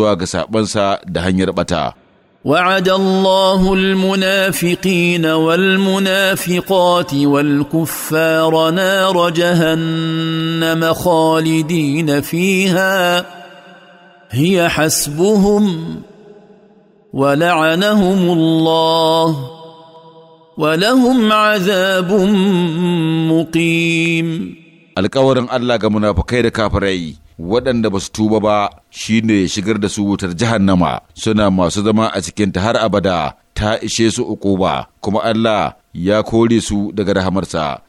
ga sabansa da hanyar bata. وعد الله المنافقين والمنافقات والكفار نار جهنم خالدين فيها هي حسبهم ولعنهم الله ولهم عذاب مقيم الكورن الله كمنافقين كافرين waɗanda ba su tuba ba shi ne ya shigar da su wutar jahannama suna masu zama a cikinta har abada ta ishe su uku ba kuma Allah ya kore su daga rahamarsa